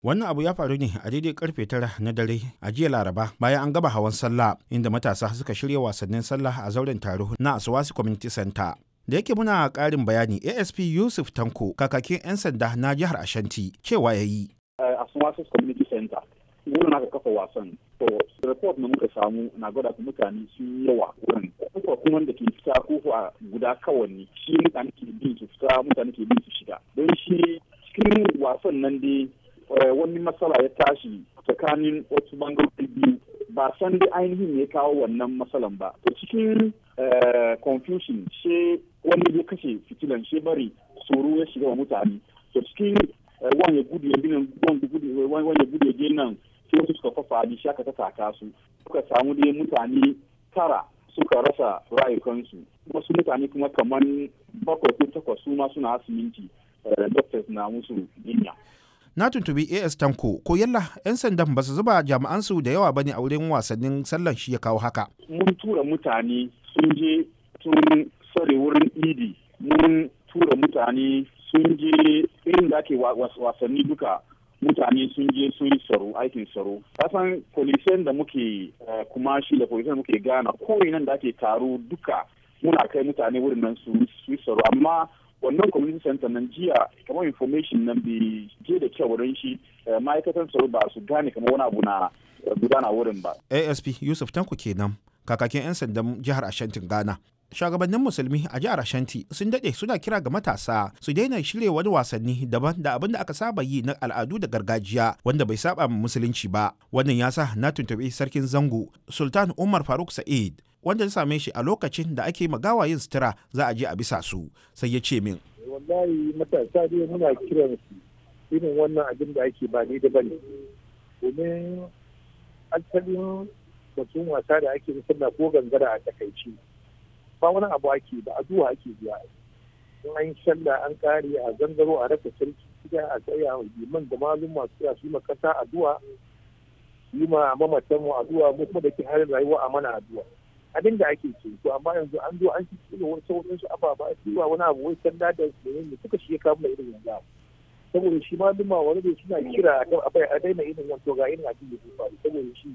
Wannan abu ya faru ne a daidai karfe tara na dare a jiya Laraba bayan an gaba hawan sallah inda matasa suka shirya wasannin sallah a zauren taro na Asuwasi Community Center. da yake muna karin bayani asp yusuf tanko kakakin 'yan sanda na jihar ashanti cewa ya yi a community center wurin aka kafa wasan to report na muka samu na gwada ku mutane sun yawa wurin kuka kuma da ke fita ko a guda kawai shi mutane ke bin su fita mutane ke bin su shiga don shi cikin wasan nan dai Eh, wani matsala ya tashi tsakanin wasu bangarori biyu ba san dai ainihin ya kawo wannan matsalan ba to cikin eh, confusion she wani ya kashe fitilan she bari tsoro ya shiga wa mutane to cikin eh, wani ya gudu ya bi nan wani ya gudu ya je nan sai wasu suka fafa abi shaka ta su suka samu dai mutane tara suka rasa rayukansu wasu mutane kuma kamar bakwai ko takwas su ma suna asibiti doctors na musu jinya na tuntubi as tanko ko yalla yan sandan ba su zuba jami'ansu da yawa ne a wurin wasannin sallan shi ya kawo haka mun tura mutane sun je tun sare wurin idi mun tura mutane sun je irin da ake wasanni duka mutane sun je sun yi tsaro aikin tsaro kasan polisiyan da muke eh, kuma shi da polisiyan da muke gana ko nan da ake taro duka muna kai mutane wurin nan su yi tsaro amma wannan community center nan jiya kamar information nan bi je da kyau wurin shi eh, ma'aikatan tsaro ba su gane kamar wani abu na eh, gudana wurin ba. asp yusuf tanku kenan kakakin 'yan sandan jihar ashantin ghana shugabannin musulmi a jihar ashanti sun dade suna kira ga matasa su daina shirya wani wasanni daban da abin da aka saba yi na al'adu da gargajiya wanda bai saba musulunci ba wannan ya sa na tuntuɓi sarkin zango sultan umar faruk sa'id wanda ya same shi a lokacin da ake magawa yin sutura za a je a bisa su sai ya ce min wallahi matasa dai muna kiran su irin wannan abin da ake ba ni da bane domin asalin batun wasa da ake da ko gangara a takaici ba wani abu ake ba a duwa ake biya in an shalla an kare a gangaro a raka sarki gida a tsaya liman da malum masu tsaya su makasa zuwa yi ma mamatan mu addu'a mu kuma da ke harin rayuwa a mana addu'a abin da ake ce to amma yanzu an zo an shiga wani sauran su ababa a cewa wani abu wai sanda da ne suka shi kama irin yanzu saboda shi ma duma wani da suna kira a kan a daina irin wato ga irin abin da ke faru saboda shi